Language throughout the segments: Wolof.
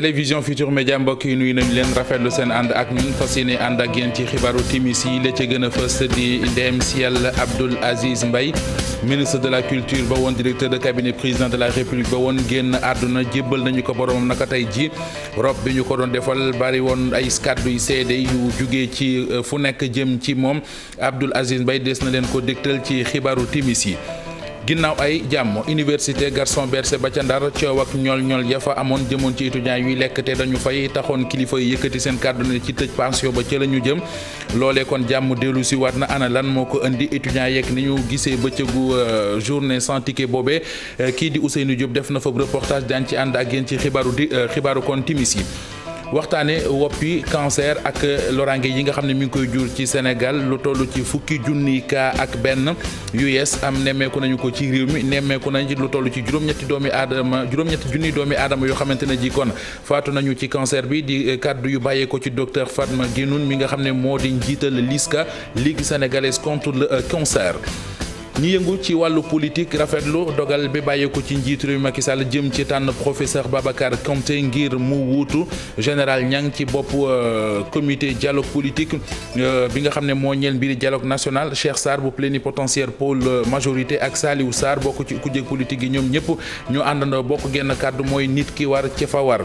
télévision Futur Média mbokk yi nuyu nañ leen rafetlu seen ànd ak ñun fas ànd ak yéen ci xibaaru timis yi la ca gën a fës di ndéem si yàlla Abdoul Aziz Mbaye ministre de la culture ba woon directeur de cabinet président de la république ba woon génn àdduna jébbal nañu ko boromam naka tey ji rob bi ñu ko doon defal bari woon ay kàddu yu seede yu jugee ci euh, fu nekk jëm ci moom Abdoul Aziz Mbaye des na leen ko dégtal ci xibaaru timis yi. ginnaaw ay jàmm université Gaston Berger ba ca Ndar coow ak ñool ñool ya fa amoon jëmoon ci étudiants yuy lekk te dañu fay taxoon kilifa yi yëkkati seen kàddu ne ci tëj pension ba ca la ñu jëm loole kon jàmm dellu si waat na ana lan moo ko indi étudiants yeeg ni ñu gisee bëccëgu euh, journée sans ticket boobee euh, kii di Ousseynou Diop def na fa reportage daan ci ànd ak yéen ci xibaaru di euh, xibaaru kon timis yi waxtaane woppi cancer ak lorange yi nga xam ne mi ngi koy jur ci Sénégal lu toll ci fukki junni ka ak benn US am nemmeeku nañu ko ci réew mi nemmeeku nañ ci lu toll ci juróom-ñetti doomi aadama juróom-ñetti junni doomi aadama yoo xamante ne ji kon faatu nañu ci cancer bi di kaddu yu bàyyee ko ci docteur Fatma Guinoune mi nga xam ne moo di njiital LISCA Ligue sénégalaise contre le cancer ñu yëngu ci wàllu politique rafetlu dogal bi ko ci njiit réew Macky Sall jëm ci tànn professeur Babacar Comte ngir mu wuutu général Niang ci bopp euh, comité dialogue politique euh, bi nga xam ne moo ñeel mbiri dialogue national Cheikh Sarr bu plénipotentiaire pôle majorité ak Saliou Sarr bokk ci kujje politique yi ñoom ñëpp ñu àndandoo bokk genn kàddu mooy nit ki war ci fa war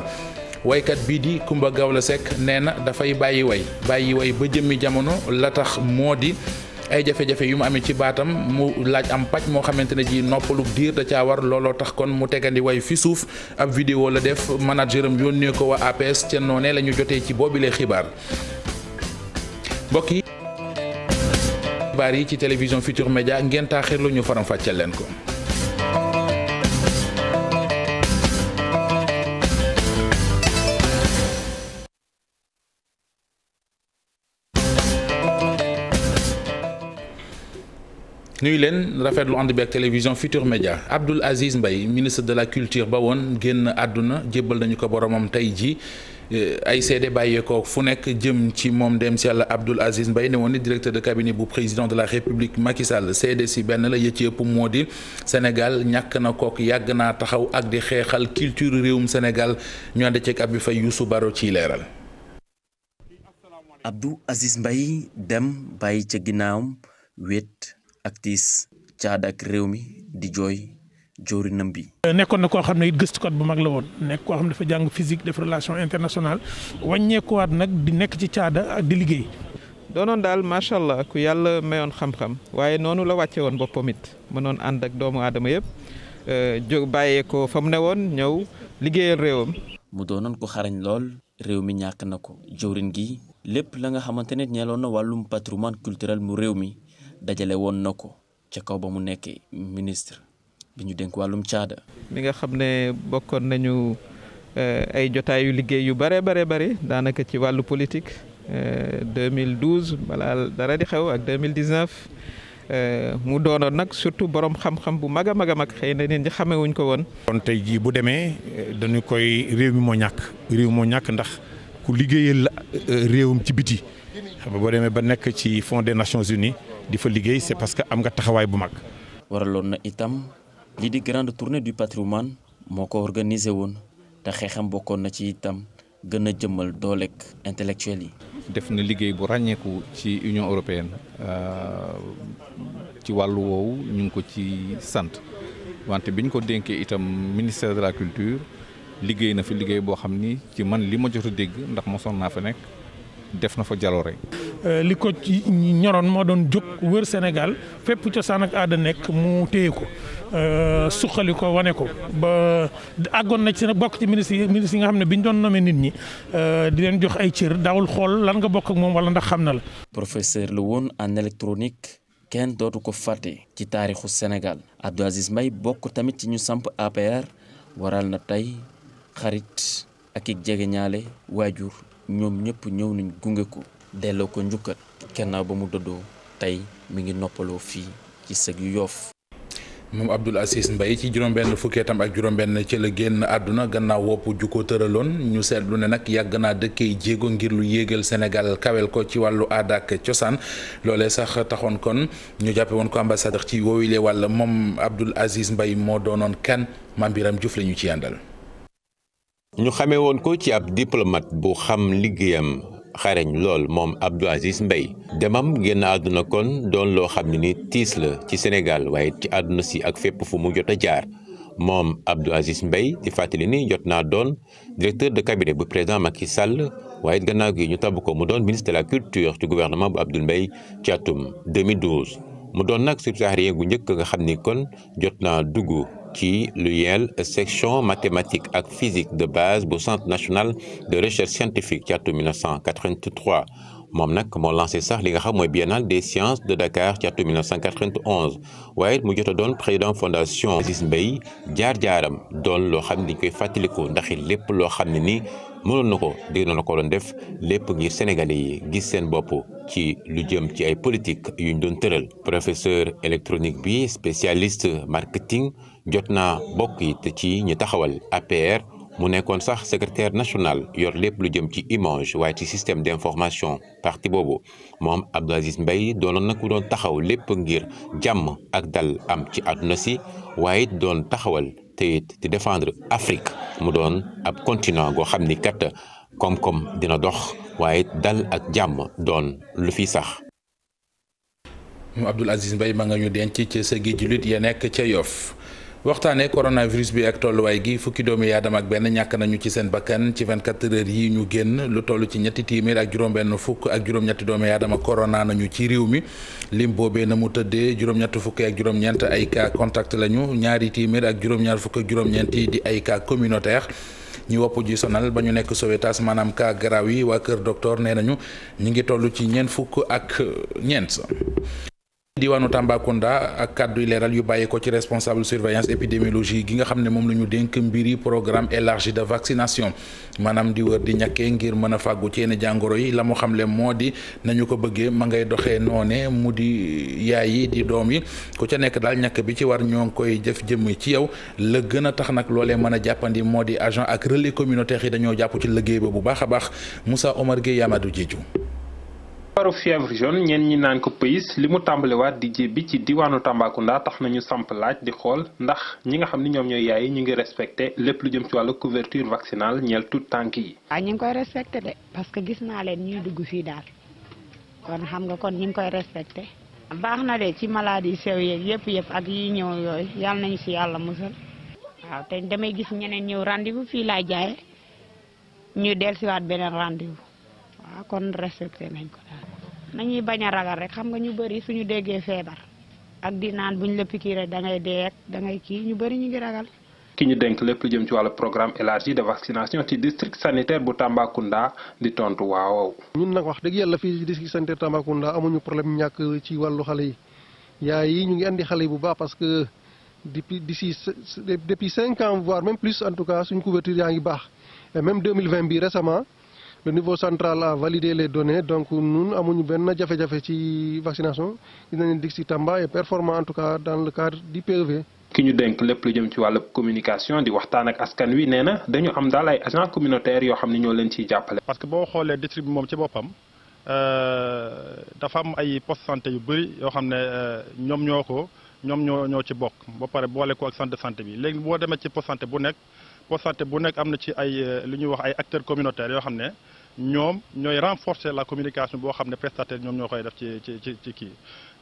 waykat bii di Kumba Gawla Seck nee na dafay bàyyi way bàyyi way ba jëmmi jamono la tax moo di ay jafe-jafe yu mu amee ci baatam mu laaj am paj moo xamante ne ji noppalu diir da caa war looloo tax kon mu tegandi way fi suuf ab vidéo la def manager am yónnee ko wa APS ca noonee lañu jotee ci boobile xibaar mbokk yi xibaar yi ci télévision Futur Média ngeen taaxirlu ñu faram fàcceel leen ko. nuyu leen rafetlu ànd bi ak télévision Futur Média Abdoul Aziz mbay ministre de la culture ba woon génn àdduna jébbal nañu ko boromam tey jii. Euh, ay seede bàyyeekoo fu nekk jëm ci moom dem si yàlla Abdoul Aziz Mbaye ne woon ni directeur de cabinet bu président de la république Macky Sall seede si benn la yëcc yëpp moo di Sénégal ñàkk na kook yàgg naa taxaw ak di xeexal culture réewum Sénégal ñu ànd ceeg ab bi fay Youssou ciy leeral. Abdou Aziz Mbaye dem bàyyi ca ginnaawam wéet ak tiis caada ak réew mi di jooy joorinam bi. nekkoon na koo xam ne it gëstukat bu mag la woon nekk koo xam ne dafa jàng physique def relation internationale wàññeekuwaat nag di nekk ci caada ak di liggéey. doonoon daal macha allah ku yàlla mayoon xam-xam waaye noonu la wàcce woon boppam it mënoon ànd ak doomu aadama yëpp euh, jóg bàyyee ko fa mu ne woon ñëw liggéeyal réewam. mu doonoon ko xarañ lool réew mi ñàkk na ko jëwrin gi lépp la nga xamante ne ñeeloon na wàllum patrimoine culturel mu réew mi dajale woon na ko ca kaw ba mu nekkee ministre bi ñu dénk wàllum caada. mi nga xam ne bokkoon nañu eh, ay jotaayu liggéey yu bare bare bare daanaka ci wàllu politique 2012 eh, balaa dara di xew ak 2019. Eh, mu doono nag surtout borom xam-xam bu mag a mag a mag xëy na nit ñi xamewuñ ko woon. kon tey jii bu demee dañu koy réew mi moo ñàkk réew moo ñàkk ndax ku liggéeyal réewum ci biti xam nga boo demee ba nekk ci Fonds de Nations Unies. di fa liggéey c'est parce que am nga taxawaay bu mag. waraloon na itam lii di grande tournée du patrimoine moo ko organisé woon te xeexam bokkoon na ci itam gën a jëmmal dooleeg intellectuel yi. def na liggéey bu ràññeeku ci Union européenne euh, ci wàllu woowu ñu ngi ko ci sant wante biñ ko dénkee itam ministère de la culture liggéey na fi liggéey boo xam ni ci man li ma jot a dégg ndax mosoon naa fa nekk def na fa jaloo jaloore Euh, li ko ñoroon moo doon jóg wër Sénégal fépp cosaan ak aada nekk mu téye ko euh, suqali ko wane ko ba àggoon na ci bokk ci ministre yi yi nga xam ne bi ñu doon nommer nit ñi euh, di leen jox ay cër daawul xool lan nga bokk ak moom wala ndax xam na la. professeur la woon en électronique kenn dootu ko fàtte ci taarixu Sénégal Abdou Aziz Mbaye bokk tamit ci ñu samp APR waral na tey xarit ak i jegeñaale waajur ñoom ñëpp ñëw nañ gunge ko. delloo ko njukkat gannaaw ba mu dëddoo tey mu ngi noppaloo fii ci sëg yu yoof moom abdul asis mbay ci juróom-benn fukki ak juróom-benn ci la génn àdduna gannaaw wopp ju tëraloon ñu seetlu ne nag yàgg naa dëkkee jéego ngir lu yéegal Sénégal kawel ko ci wàllu aada ak cosaan loole sax taxoon kon ñu jàppe woon ko ambassadeur ci woowile wàll moom Abdoul Aziz mbay moo doonoon kenn Mame Birame Diouf la ci yàndal ñu xamee woon ko ci ab diplomate bu xam liggéeyam xareñ lool moom Abdou Aziz Mbaye demam génn àdduna kon doon loo xam ne ni tiis la ci Sénégal waaye ci àdduna si ak fépp fu mu jot a jaar moom Abdou Aziz Mbaye di fàttali ni jot naa doon directeur de cabinet bu président Macky Sall waaye gannaaw gi ñu tabb ko mu doon ministre la culture ci gouvernement bu Abdoul Mbaye ci atum 2012 mu doon nag subsaharien gu njëkk nga xam ni kon jot naa dugg ci lu yeel section mathématique ak physique de base bu centre national de recherche scientifique ci atum 1983 moom nag moo lancé sax li nga xam mooy biennale des sciences de Dakar ci atum 1991 waaye mu jot a doon président fondation Aziz Mbaye jaar-jaaram doon loo xam ne dañ koy fàttaliku ndax lépp loo xam ne ni mënoon na ko dégg la ko loon def lépp ngir sénégalais yi gis seen bopp ci lu jëm ci ay politique yu ñu doon tëral professeur électronique bi spécialiste marketing. jot naa bokk te ci ñi taxawal APR mu nekkoon sax secretaire national yor lépp lu jëm ci image waaye ci système d'information parti boobu moom Abdou Aziz Mbaye doonoon na ku doon taxaw lépp ngir jàmm ak dal am ci àdduna si waaye doon taxawal te it di défendre Afrique mu doon ab continent goo xam ni kat koom-koom dina dox waaye dal ak jàmm doon lu fi sax. Abdou Aziz Mbaye ma nga ñu denc ci sa gi jullit ya nekk ca Yoff. waxtaanee coronavirus bi ak tolluwaay gi fukki doomi yaadam ak benn ñàkk nañu ci seen bakkan ci 24 heures yi ñu génn lu toll ci ñetti ak juróom-benn fukk ak juróom-ñetti doomi yaadam ak corona nañu ci réew mi lim boobee na mu tëddee juróom-ñett fukk ak juróom-ñeent ay cas contact lañu ñaari téeméer ak juróom-ñaar fukk ak di ay cas communautaire ñi wopp ji sonal ba ñu nekk Sowétas maanaam cas grave yi waa Kër Docteur nee nañu ñu ngi toll ci ñeent fukk ak ñeent. diwaanu Tambacounda ak kàddu leeral yu bàyyi ko ci responsable surveillance épidémiologie gi nga xam ne moom lañu ñu dénk mbiri programme élargi de vaccination maanaam di wër di ñàkkee ngir mën a fàggu ci yenn jàngoro yi la mu xamle moo di nañu ko bëggee ma ngay doxee noone mu di yaay yi di doom yi ku ca nekk daal ñàkk bi ci war ñoo ngi koy jëf jëmm ci yow la gën a tax nag loolee mën a jàppandi moo di agent ak relais communautaire yi dañoo jàpp ci liggéey ba bu baax a baax Moussa Omar Gueye Yamadou Diédhiou paru fièvre jaune ñeen ñi naan ko pays li mu tàmbaliwaat di jébbi ci diwaanu Tambacounda tax nañu samp laaj di xool ndax ñi nga xam ni ñoom ñooy yaay yi ñu ngi respecté lépp lu jëm ci wàllu couverture vaccinale ñeel tout tànk yi. waaw ah, ñu ngi koy respecté de parce que gis naa leen ñuy dugg fii daal kon xam nga kon ñu ngi koy respecté. baax na de ci maladie sew yeeg yëpp yëpp ak yi ñëw yooyu yal nañu si yàlla musal waaw te damay gis ñeneen ñëw rendez-vous fii laay jaayee ñu dellusiwaat beneen rendez-vous. waaw kon respecté ko daal nañuy bañ a ragal rek xam nga ñu bëri suñu déggee feebar ak di naan buñ la pikiire da ngay dee ak da ngay kii ñu bëri ñu ngi ragal. ki ñu denk lépp lu jëm ci wàllu programme élargi de vaccination ci district sanitaire bu Tambacounda di tontu waaw. ñun nag wax dëgg yàlla fii district sanitaire Tambacounda amuñu problème ñàkk ci wàllu xale yi yaay yi ñu ngi andi xale yi bu baax parce que depuis d'ici depuis cinq ans voire même plus en tout cas suñu couverture yaa ngi baax même le niveau central a valider les données donc ñun amuñu benn jafe-jafe ci vaccination gis nañu dig si Tamba est performant en tout cas dans le cadre du PEV. ki ñu dénk lépp lu jëm ci wàllu communication di waxtaan ak askan wi nee na dañu am daal ay agent communautaires yoo xam ne ñoo leen ciy jàppale. parce que boo xoolee district bi moom ci boppam euh, dafa am ay poste yu bëri yoo xam ne euh, ñoom ñoo ko ñoom ñoo ñoo ci bokk ba pare boole ko ak centre de santé bi léegi boo demee ci poste santé bu nekk poste santé bu nekk am na ci ay euh, lu ñuy wax ay acteurs communautaires yoo xam ne. ñoom ñooy renforcer la communication boo xam ne prestataire ñoom ñoo koy def ci ci ci kii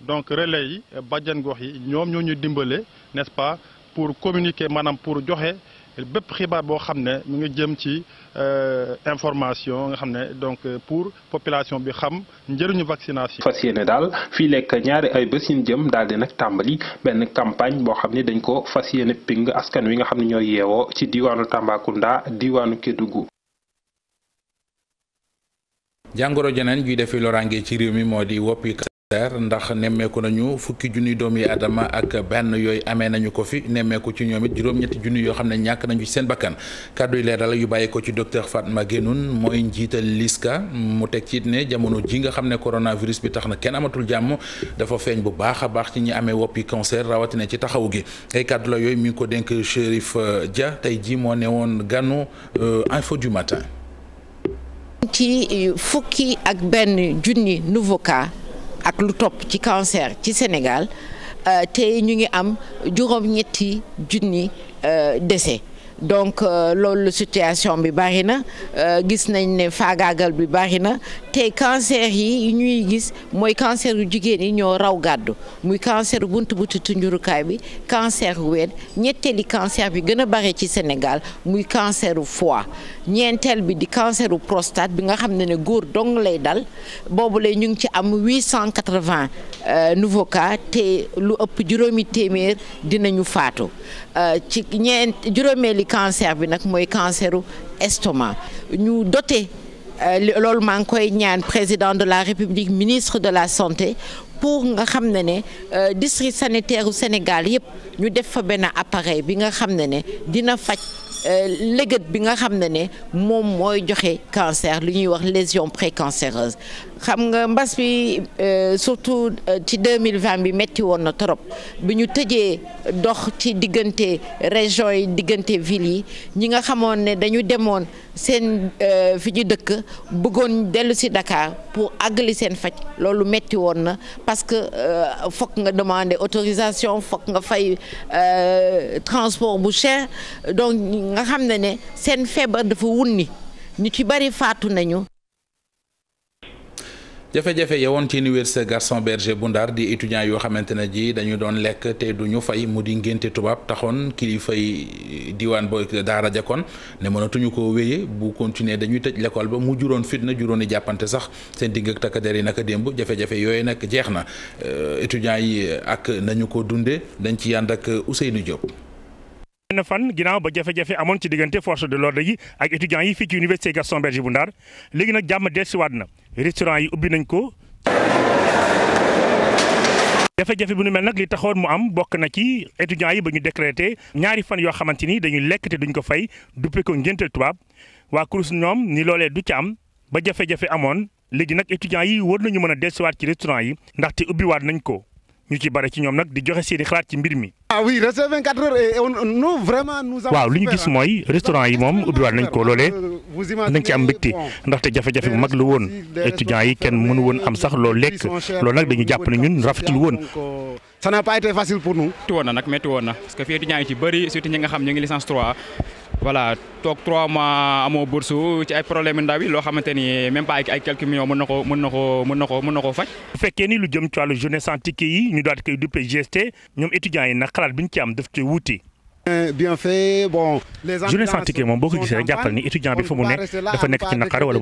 donc relais yi bajjan gox yi ñoom ñoo ñu dimbale n'est-ce pas pour communiquer maanaam pour joxe bépp xibaar boo xam ne mu ngi jëm ci euh, information nga xam ne donc pour population bi xam njëriñu vaccination. fas yéene daal fii lekk ñaari ay bés yu jëm daal di nag tàmbali benn campagne boo xam ne dañ ko fas yéene ping askan wi nga xam ne ñooy yeewoo ci diwaanu Tambacounda diwaanu Kédougou. jàngoro jeneen juy defi loraange ci réew mi moo di woppi cancer ndax nemmeeku nañu fukki junni doom yi adama ak benn yooyu amee nañu ko fi nemmeeku ci ñoom it juróom-ñetti junni yoo xam ne ñàkk nañu seen bakkan kàddu yi leeral yu bàyyi ko ci docteur Fatma Guénoun mooy njiital LISCA mu teg ci it ne jamono ji nga xam ne coronavirus bi tax na kenn amatul jàmm dafa feeñ bu baax a baax ci ñi amee woppi cancer rawatina ci taxaw gi ay kàddu la yooyu mi ngi ko dénk Chérif euh, Dia tey ji moo ne woon ganu euh, info du matin ci fukki ak benn junni nouveau ak lu topp ci cancer ci Sénégal euh, te ñu ngi am juróom-ñetti junni euh, décès donc euh, loolu situation bi bari na gis nañ ne faagaagal bi bari na te cancer yi ñuy gis mooy cancer yu jigéen yi ñoo raw gàddu muy cancer buntu buntu tunjurukaay bi cancer ween ñetteeli cancer bi gën a bare ci Sénégal muy cancer u foie ñeenteel bi di cancer u prostate bi nga xam ne ne góor dong lay dal boobu lay ñu ngi ci am 880 euh, nouveau cas te lu ëpp juróomi téeméer dinañu faatu euh, ci ñeent juróomeeli cancer bi nag mooy cancer u estomac ñu doté Euh, loolu maa ngi koy ñaan président de la république ministre de la santé pour nga xam ne ne euh, district sanitaire u Sénégal yëpp ñu def fa benn appareil bi nga xam ne ne dina faj. Euh, lëgët bi nga xam ne ne moom mooy joxe cancer lu ñuy wax lésion précancéreuse xam nga mbas bi euh, surtout euh, ci 2020 bi metti woon na trop bi ñu tëjee dox ci diggante région yi diggante ville yi ñi nga xamoon ne dañu demoon seen fi ñu dëkk bëggoon dellu si Dakar pour àggali seen faj loolu metti woon na parce que fokk nga demander autorisation fokk nga fay transport bu cher donc nga xam ne ne seen feebar dafa wunni ñu ci bari faatu nañu. jafe-jafe yowoon ci université Gaston Berger bu Ndar di étudiant yoo xamante ne ji dañu doon lekk te du ñu fay mu di ngénte tubaab taxoon kilifa yi diwaan booy daara ja kon ne mënatuñu ko wéyee bu continuer dañuy tëj l'école ba mu juróon fitna juróon i jàppante sax seen digg ak takkader yi naka démb jafe-jafe yooyu nag jeex na euh, étudiants yi ak nañu ko dundee dañ ci yànd ak Ousseynou Diop. benn fan ginnaaw ba jafe-jafe amoon ci diggante force de l'ordre yi ak étudiants yi fii ci université Gaston Berger bu Ndar léegi nag jàmm dellusiwaat na restaurant yi ubbi nañ ko. jafe-jafe bu ñu mel nag li taxoon mu am bokk na ci étudiants yi ba ñu décrété ñaari fan yoo xamante ni dañuy lekk te duñ ko fay duppe ko ngéntal tubaab waa kurus ñoom ni loolee du ci am ba jafe-jafe amoon léegi nag étudiants yi war nañu mën a dellusiwaat ci restaurant yi ndaxte ubbiwaat nañ ko ñu ci bare ci ñoom nag di joxe seeni xalaat ci mbir mi. ah oui Restez 24 heures vraiment waaw lu ñu gis mooy restaurant yi moom ubbiwaat nañ ko loolee euh, nañ ci am mbégte ndaxte jafe-jafe bu mag la woon étudiants yi kenn mënu woon am sax loo lekk loolu nag dañu jàpp ne ñun rafetul woon. ça n'a pas été facile pour nous. métti woon na nag nga xam ñu ngi voilà toog trois mois amoo bourse ci ay problème ndaw yi loo xamante ni même pas ay quelques millions mën na ko mën na ko mën na ko mën na koo faj. bu fekkee ni lu jëm ci wàllu jeunesse sans ticket yi ñu daal di koy duppee ñu ci am daf ci wuute. bien fait bon. moom boo ko gisee rek jàppal ni étudiant bi fa mu nekk dafa nekk ci naqar euh,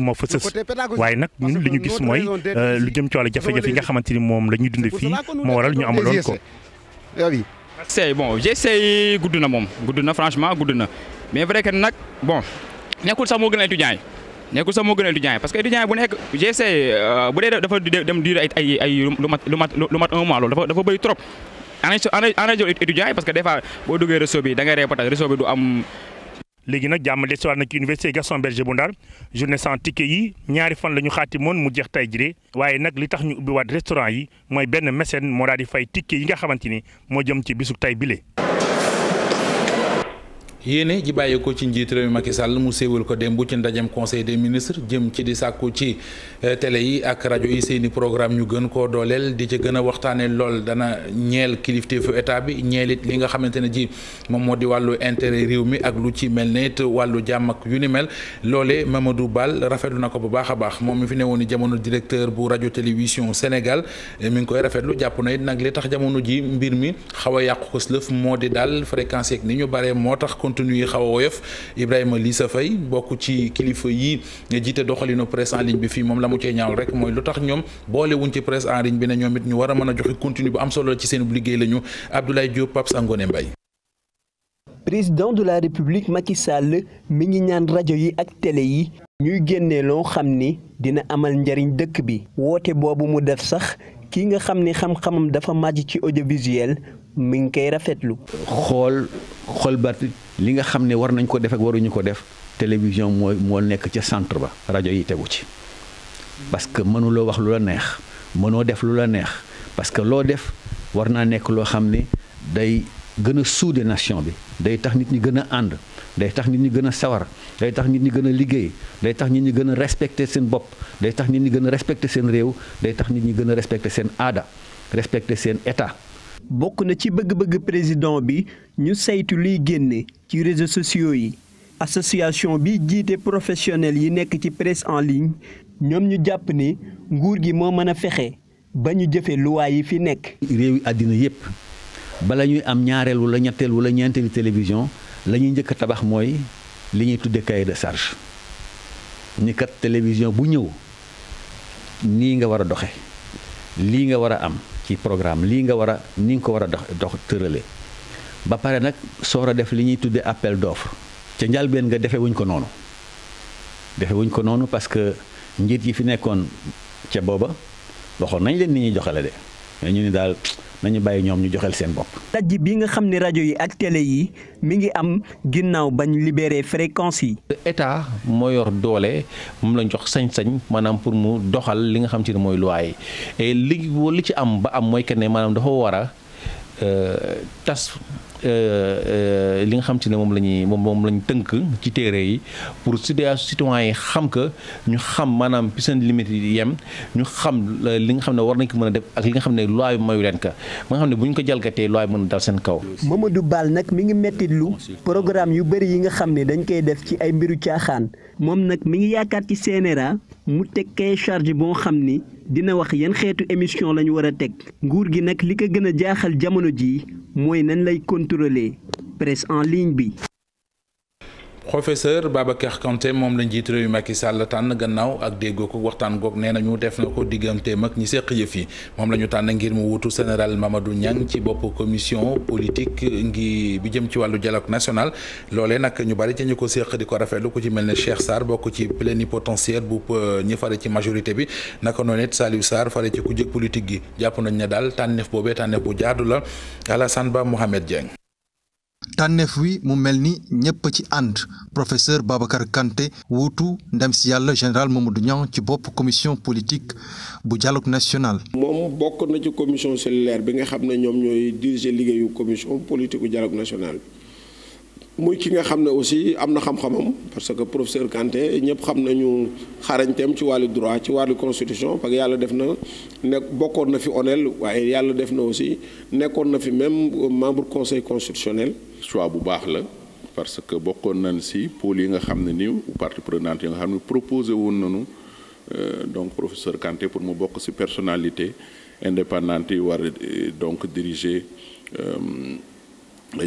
moo fa sës waaye nag ñun li ñu gis mooy euh, lu jëm ci wàllu jafe-jafe yi nga xamante ni moom la ñuy dund fii moo waral ñu amaloon ko. c'est bon j'essaye gudd na moom gudd na franchement gudd na mais vrai que nag bon nekkul sax moo a étudiant yi nekkul sax moo a étudiant yi parce que étudiant yi bu nekk j'essaye euh, bu dee dafa dem durer ay ay lu un mois dafa dafa trop. en rajo en yi parce que des boo duggee réseau bi da ngay du am. léegi nag jàmm desiwaat na ci université Gaston Berger bu Ndar journée sans ticket yi ñaari fan la ñu xaatimoon mu jeex tey jii waaye nag li tax ñu ubbiwaat restaurant yi mooy benn mécène moo daal di fay ticket yi nga xamante ni moo jëm ci bisu tey bile. yéene ji bàyyi ko ci njiit réew mi Macky Sall mu séewal ko démb ci ndajem conseil des ministres jëm ci di sàkku ci eh, télé yi ak rajo yi seeni programme ñu gën koo dooleel di ci gën a waxtaane lool dana ñeel kilifteefu état bi ñeelit li nga xamante ne ji moom moo di wàllu intere réew mi ak lu ci mel ni it wàllu jàmm ak yu ni mel loole ma du Bal rafetlu na ko bu baax a baax moom mi fi newoon ni jamono directeur bu rajo télévision Sénégal eh, mi ngi koy rafetlu jàpp na it nag li tax jamono ji mbir mi xaw a contenu xaw a woyof Ibrahima Lissa Faye bokk ci kilifa yi jiite doxalinu presse en ligne bi fii moom la mu cee ñaaw rek mooy lu tax ñoom boole wuñ ci presse bi ne ñoom it ñu war a mën a joxe contenu bu am solo ci seen la ñu Abdoulaye Diop Pape Sangone Mbaye président de la république Macky Sall mi ngi ñaan rajo yi ak tele yi ñuy génnee loo xam ni dina amal njariñ dëkk bi woote boobu mu def sax kii nga xam ni xam-xamam dafa màcc ci audiovisuel mi ngi koy rafetlu. xool xool ba li nga xam ne war nañ ko def ak waruñu ko def télévision mooy moo nekk ca centre ba rajo yi tegu ci parce que mënuloo wax lu la neex mënoo def lu la neex parce que loo def war naa nekk loo xam ne day gën a suude nation bi day tax nit ñi gën a ànd day tax nit ñi gën a sawar day tax nit ñi gën a liggéey day tax nit ñi gën a respecté seen bopp day tax nit ñi gën a respecté seen réew day tax nit ñi gën a respecté seen aada respecté seen état. bokk na ci bëgg-bëgg président bi ñu saytu luy génne ci réseaux sociaux yi association bi jiite professionnel yi nekk ci presse en ligne ñoom ñu jàpp ni nguur gi moo mën a fexe ba ñu jëfe luwaay yi fi nekk réew yi àddina yépp bala ñuy am ñaareel wala ñetteel wala ñeenteelu télévision la ñuy njëkk a tabax mooy li ñuy tudde cahier de charge ni télévision bu ñëw nii nga war a doxe lii nga war a am ci programme lii nga war a ni nga ko war a dox dox tërale ba pare nag soor a def li ñuy tuddee appel d'offre ca njalbeen nga defe wuñ ko noonu defewuñ ko noonu parce que njiit yi fi nekkoon ca booba waxoon nañ leen ni ñuy joxale de mais ñu ni daal nañu bàyyi ñoom ñu joxel seen bopp. dajji bi nga xam ne rajo yi ak télé yi mi ngi am ginnaaw bañ libéré fréquence yi. état moo yor doole moom lañ jox sañ-sañ maanaam pour mu doxal li nga xam ci ne mooy loi yi et li ci am ba am mooy que ne maanaam dafa war a euh, tas. Euh, euh, li nga xam ci ne moom la ñuy moom moom la tënk ci téere yi pour citoyens yi xam ka ñu xam maanaam fi seen limite yi yem ñu xam euh, li nga xam ne war nañ ko mën a def ak li nga xam ne loi bi mayu leen ka ba nga xam ne bu ñu ko jalgatee loi bi mën a dal seen kaw. moom a du baal nag mi ngi métti lu programme yu bëri yi nga xam ne dañ koy def ci ay mbiru caaxaan moom nag mi ngi yaakaar ci CNRA. mu teg kay charge boo xam ni dina wax yan xeetu émission lañu war a teg nguur gi nag li ko gën a jaaxal jamono jii mooy nan lay contrôler presse en ligne bi professeur Babacar Kanté moom la njiit réew mi Macky la tànn gannaaw ak déggoo ko waxtaan goog nee na ñu def na ko digganteem ak ñi seq yëf yi moom la ñu tànn ngir mu wutu sénéral mamadu Niang ci bopp commission politique ngi bi jëm ci wàllu dialogue national loolee nag ñu bari ci ñu ko seq di ko rafetlu ku ci mel ne Cheikh Sarr bokk ci plénipotentiaire bu euh, ñi fare ci majorité bi naka noonu it Saliou Sarr fare ci ku jëkk politique gi jàpp nañ ne daal tànneef boobee tànneef bu jaadu la Alassane Ba Mohamed Dieng. tànneef wi mu mel ni ñëpp ci ànd professeur Babacar Kanté wuutu ndem si yàlla moom du Niang ci bopp commission politique bu dialogue national. moom bokk na ci commission cellulaire bi nga xam ne ñoom ñooy diriger liggéeyu commission politique bu dialogue national. muy ki nga xam ne aussi am na xam-xamam parce que professeur Kanté ñëpp xam nañu xarañteem ci wàllu droit ci wàllu constitution parce que yàlla def na ne bokkoon na fi onel waaye yàlla def na aussi nekkoon na fi même membre conseil constitutionnel. choix bu baax la parce que bokkoon nañ si pôle yi nga xam ne nii partie prenante yi nga xam ne proposé woon nañu euh, donc professeur Kanté pour mu bokk si personnalité indépendante yi war euh, donc diriger euh,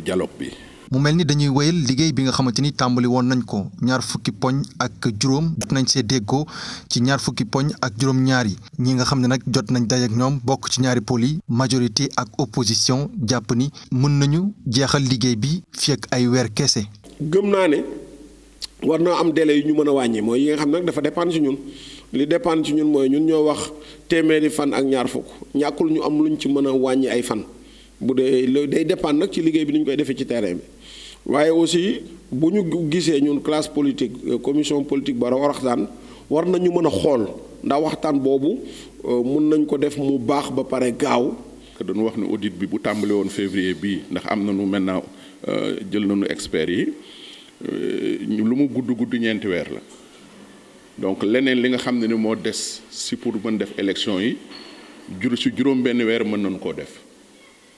dialogue bi. mu mel ni dañuy wéyal liggéey bi nga xamante ni tàmbali woon nañ ko ñaar fukki poñ ak juróom jot nañ see déggoo ci ñaar fukki poñ ak juróom ñaar yi ñi nga xam ne nag jot nañ daje ñoom bokk ci ñaari pôle yi majorité ak opposition jàpp ni mën nañu jeexal liggéey bi fii ay weer kese. gëm naa ne war naa am délai yu ñu mën a wàññi mooy yi nga xam ne nag dafa dépendre ci ñun li dépendre ci ñun mooy ñun ñoo wax téeméeri fan ak ñaar fukk ñàkkul ñu am luñ ci mën a wàññi ay fan. bu dee loolu day dépendre nag ci liggéey bi ni ñu koy defee ci terrain bi waaye aussi bu ñu gisee ñun classe politique euh, commission politique bara waxtaan war nañu mën a xool ndax waxtaan boobu euh, mun nañ ko def mu baax ba pare gaaw. dañu wax ne audit bi bu tàmbale woon février bi ndax am na nañu maintenant euh, jël nañu experts yi lu mu gudd gudd ñeenti weer la donc leneen li nga xam ne ni moo des si pour mën def élection yi jur si juróom benn weer mën nañu koo def.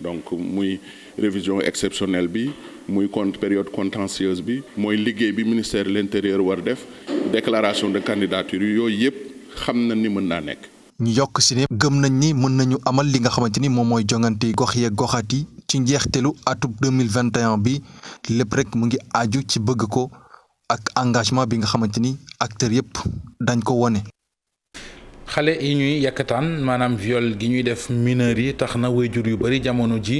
donc muy révision exceptionnelle bi muy compte période contentieuse bi mooy liggéey bi ministère de l'intérieur war def déclaration de candidature yi yooyu yëpp xam na ni mën naa nekk. ñu yokk si ne gëm nañ ni mën nañu amal li nga xamante ni moom mooy jongante gox yeeg goxaat yi ci njeexteelu atub 2021 bi lépp rek mu ngi aju ci bëgg ko ak engagement bi nga xamante ni acteur yëpp dañ ko wone. xale yi ñuy yekkataan maanaam viol gi ñuy def mineur yi tax na waajur yu bari jamono ji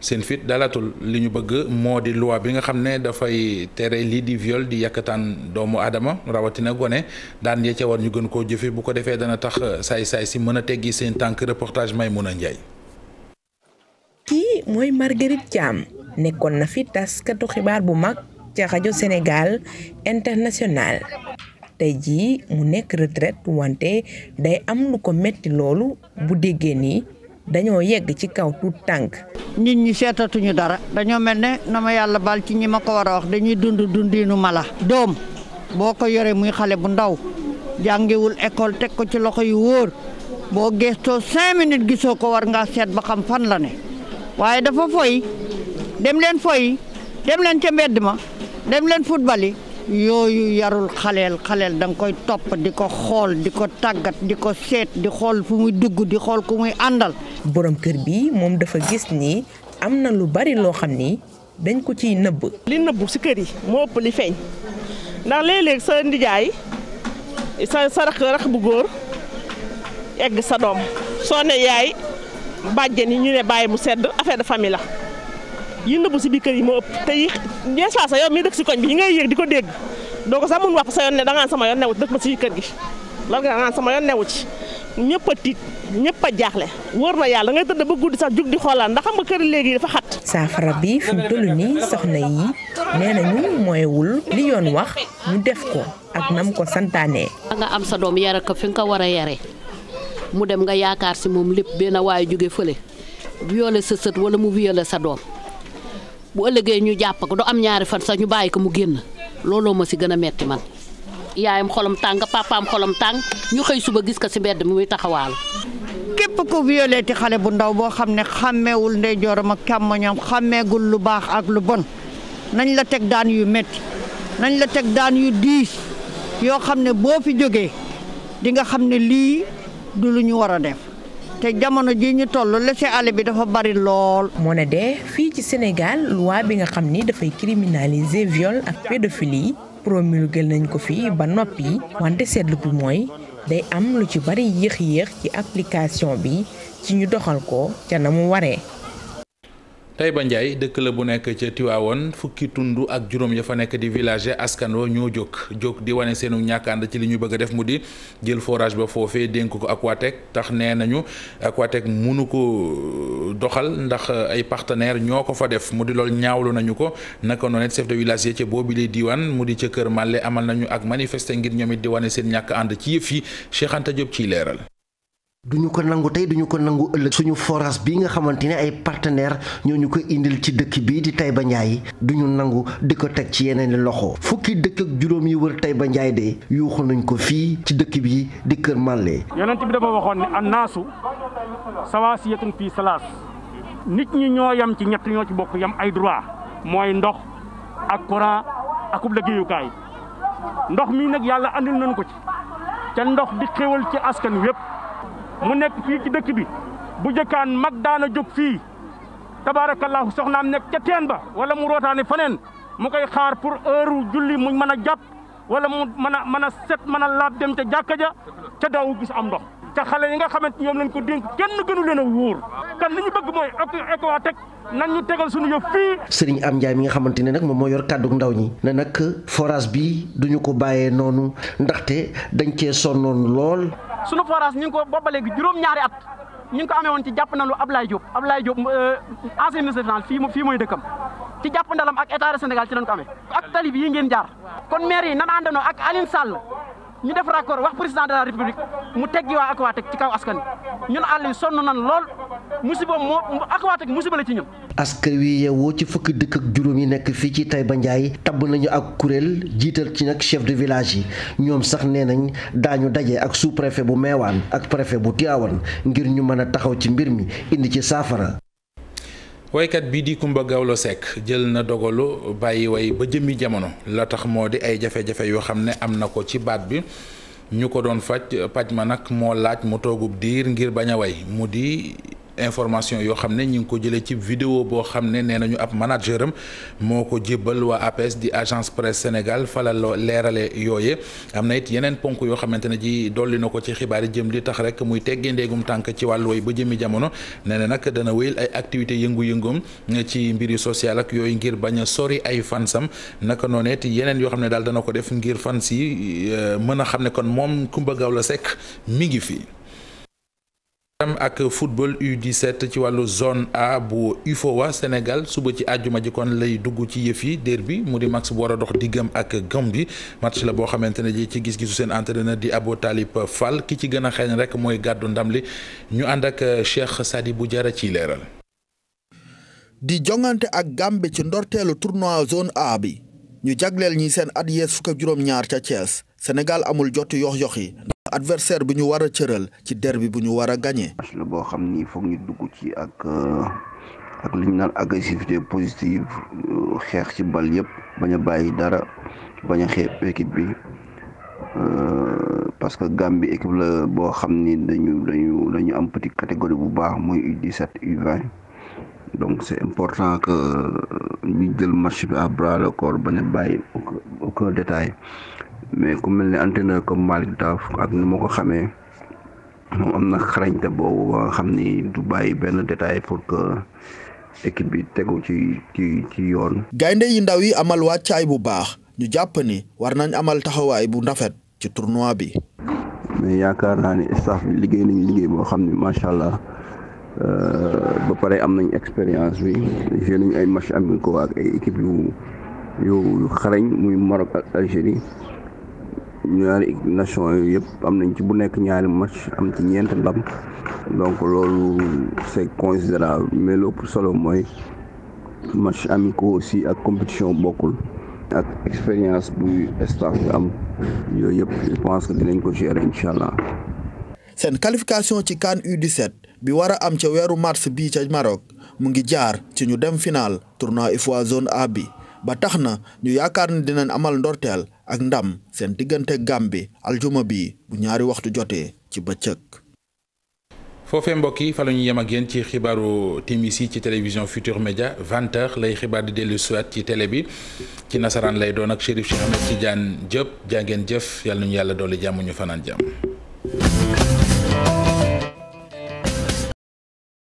seen fit dalatul li ñu bëgg moo di loi bi nga xam ne dafay tere lii di viole di yàkkataan doomu aadama rawatina gone daan ya ca war ñu gën koo jëfe bu ko defee dana tax saay-saay si mën a teggi seen tànk reportage Maimouna Ndiaye kii mooy Marguerite Thiam nekkoon na fi taskatu xibaar bu mag ca rajo Sénégal international tey jii mu nekk retraite wante day am lu ko metti loolu bu déggee nii dañoo yegg ci kaw tuut tànk. nit ñi seetatuñu dara dañoo mel ne na ma yàlla baal ci ñi ma ko war a wax dañuy dund dundinu mala. doom boo ko yoree muy xale bu ndaw jàngiwul école teg ko ci loxo yi wóor boo gëstoo cinq minutes gisoo ko war ngaa seet ba xam fan la ne waaye dafa foy dem leen foy ca mbedd ma dem leen yooyu yarul xaleel xaleel danga koy topp di ko xool di ko tàggat di ko seet di xool fu muy dugg di xool ku muy àndal. borom kër bi moom dafa gis ni am na lu bari loo xam ni dañ ko ciy nëbb. li nëbb si kër yi moo ëpp li feeñ ndax léeg-léeg sa ndijaay sa rax rax bu góor egg sa doom soo ne yaay bàjjen yi ñu ne bàyyi mu sedd affaire de famille la. yi nëbbu si biir kër yi moo ëpp te yi des fois sax yow mii dëkk si koñ bi yi ngay yëg di ko dégg doo ko sax mun wax sa yoon ne da sama yoon newu ci dëkk ma si kër gi lan nga ngaan sama yoon ci ñëpp a tiit ñëpp a jaaxle wóor na yàlla ngay tëdd ba guddi sax jug di xoolaan ndax xam nga kër léegi dafa xat saafara bi fi mu toll nii soxna yi nee nañu mooywul li yoon wax ñu def ko ak nam ko santaane nga am sa doom yare ko fi nga ko war a yare mu dem nga yaakaar si moom lépp benn waaye jóge fële violé sa sët wala mu violé sa doom bu ëllëgee ñu jàpp ko du am ñaari fan sax ñu bàyyi ko mu génn looloo ma ci gën a metti man yaayam xolam tàng papaam xolam tàng ñu xëy suba gis ko si mbedd mi muy taxawaalu képp ko violé ti xale bu ndaw boo xam ne xàmmeewul ndeyjooram ak càmmoñam xàmmeegul lu baax ak lu bon nañ la teg daan yu metti nañ la teg daan yu diis yoo xam ne boo fi jógee di nga xam ne lii du lu ñu war a def te jamono ji ñu toll ci aller bi dafa bari lool. moo ne de fii ci Sénégal loi bi nga xam ni dafay criminaliser viol ak pédophilie promulgué nañ ko fii ba noppi wante seetlu bi mooy day am lu ci bari yéex yéex ci application bi ci ñu doxal ko ca na mu waree. ba Ndiaye dëkk la bu nekk ca Tiwaawoon fukki tund ak juróom ya fa nekk di village askan wa ñoo jóg jóg di wane seenu ànd ci li ñu bëgg a def mu di jël forage ba foofee dénk ko Aquatec tax nee nañu Aquatec munu ko euh, doxal ndax euh, ay partenaire ñoo ko fa def mu di lool ñaawlu nañu ko naka noonu it chef de village ya ca boobu li diwaan mu di ca Kër Màlle amal nañu ak manifester ngir ñoom it di wane seen ñàkk ànd ci yëf yi Cheikh Anta ciy leeral duñu ko nangu tey duñu ko nangu ëllëg suñu forage bi nga xamante ne ay partenaire ñoo ñu ko indil ci dëkk bii di Taïba Ndiaye duñu nangu di ko teg ci yeneen loxo fukki dëkk ak juróom yi wër ba Ndiaye de yuuxu nañu ko fii ci dëkk bi di Kër Màlle yonent bi dafa waxoon ne annaasu sawaasiyatun fii salaas nit ñi ñoo yam ci ñett ñoo ci bokk yam ay droit mooy ndox ak courant akub liggéeyukaay ndox mi nag yàlla andil nañ ko ci te ndox di xéwal ci askan wépp mu nekk fii ci dëkk bi bu jëkkaan mag daana jóg fii tabaarakallaahu soxnaam nekk ca teen ba wala mu rootaane faneen mu koy xaar pour heure julli mu mën a jàpp wala mu mën a mën a set mën a laab dem ca jàkka ja ca daawu gis am ndox ca xale yi nga xamante ñoom lañ ko dénk kenn gënu leen a wóor kan li ñu bëgg mooy teg nan ñu tegal suñu yëf fii. Serigne Am Ndiaye mi nga xamante ne nag moom moo yor kàddu ndaw ñi ne nag forage bi duñu ko bàyyee noonu ndaxte dañ cee sonnoon lool. sunu forage ñu ngi ko booba léegi juróom-ñaari at ñu ngi ko amee woon ci jàpp na lu Ablaye Diop Ablaye Diop euh, ancien ministre finance fii fii mooy dëkkam ci jàpp ndalam ak état de Sénégal ci lañ ko amee ak talib yi ngeen jaar kon maire yi nan àndandoo ak Aline Sall ñu def raccord wax président de république mu teggi waa Aquatec ci kaw askan ñu ñun àll yi sonn nan lool musiba moo Aquatec musiba la ci ñun. askan wi yeewoo ci fukki dëkk ak juróom yi nekk fii ci ba Ndiaye tabb nañu ak kuréel jiital ci nag chef de village yi ñoom sax nee nañ daañu daje ak sous préfet bu Meewaan ak préfet bu Tiawan ngir ñu mën a taxaw ci mbir mi indi ci saafara. waykat bii di Kumba Gawlo Seck jël na dogalu bàyyi way ba jëmmi jamono la tax moo di ay jafe-jafe yoo xam ne am na ko ci baat bi ñu ko doon faj paj ma nag moo laaj mu toogub diir ngir bañ a way mu di information yoo xam ne ñi ngi ko jëlee ci vidéo boo xam ne nee nañu ab manager am moo ko jébbal waa APS di agence presse Sénégal fala leerale yooye am na it yeneen ponk yoo xamante ne ji dolli na ko ci xibaar jëm li tax muy teggee tànk ci wàllu way ba jëmi jamono nee na nag dana wéyal ay activité yëngu-yëngoom ci mbiri social ak yooyu ngir bañ a sori ay fansam naka noonu it yeneen yoo xam ne daal dana ko def ngir fans yi euh, mën a xam ne kon moom Coumba Gawlo Seck mi ngi fii am ak football U17 ci wàllu zone A bu UFOA Sénégal suba ci àjjuma ji kon lay dugg ci yëf yi derby mu di match war a dox diggam ak Gambie match la boo xamante ne ji ci gis-gisu seen entraîneur di Abo Talib ki ci gën a xeeñ rek mooy gàddu ndam li ñu ànd ak euh, Cheikh Sadibou Diarra ciy leeral. di jongante ak Gambie ci ndorteelu tournoi zone A bi ñu jagleel ñi seen at yees fukk juróom-ñaar ca Thiès. Sénégal amul jot yox-yox yi ndax adversaire bi ñu war a cëral ci derbi bu ñu war a gagné. match boo xam ni foog ñu dugg ci ak euh, ak li ñu naan agressivité positive euh, xeex ci bal yëpp bañ a bàyyi dara bañ a xeeb équipe bi euh, parce que Gambie équipe la boo xam ni dañu dañu dañu am petite catégorie bu baax mooy U17 u donc c'est important que ñu jël match bi à bras le corps bañ bàyyi aucun détail mais ku mel ni entraîneur comme Malick Daaf ak nu ma ko xamee moom am na xarañte boobu ba xam ni du bàyyi benn détail pour que équipe bi tegu ci ci ci yoon. gaynde yi ndaw yi amal wàccaay bu baax ñu jàpp ni war nañ amal taxawaay bu rafet ci tournoi bi. mais yaakaar naa ni staff bi liggéey nañu liggéey boo xam ne macha allah euh, ba pare am nañ expérience bi joué nañu ay match amicaux ak ay équipe yu yu xarañ muy Maroc ak Algérie. ñaari nation yooyu yëpp am nañ ci bu nekk ñaari match am ci ñeent ndam donc loolu c'est considérable mais lépp solo mooy match amicaux aussi ak compétition bokkul ak expérience bu staff bi am yooyu yëpp je pense que dinañ ko gérer incha allah. seen qualification ci CAN U17 bi war a am ca weeru mars bii ca Maroc mu ngi jaar ci ñu dem final tournoi UFOA zone A bi. ba tax na ñu yaakaar ne dinañ amal ndorteel ak ndam seen diggante bi aljuma bi bu ñaari waxtu jotee ci bëccëg. foofee mbokk yi fa la ñu yem ci xibaaru timis yi ci télévision Futur Média 20 lay xibaar di dellu siwaat ci télé bi ci nasaraan lay doon ak Chérif Cheikh Ahmed Tidiane Diop jaa ngeen jëf yàlla ñu yàlla doole jàmm ñu fanaan jàmm.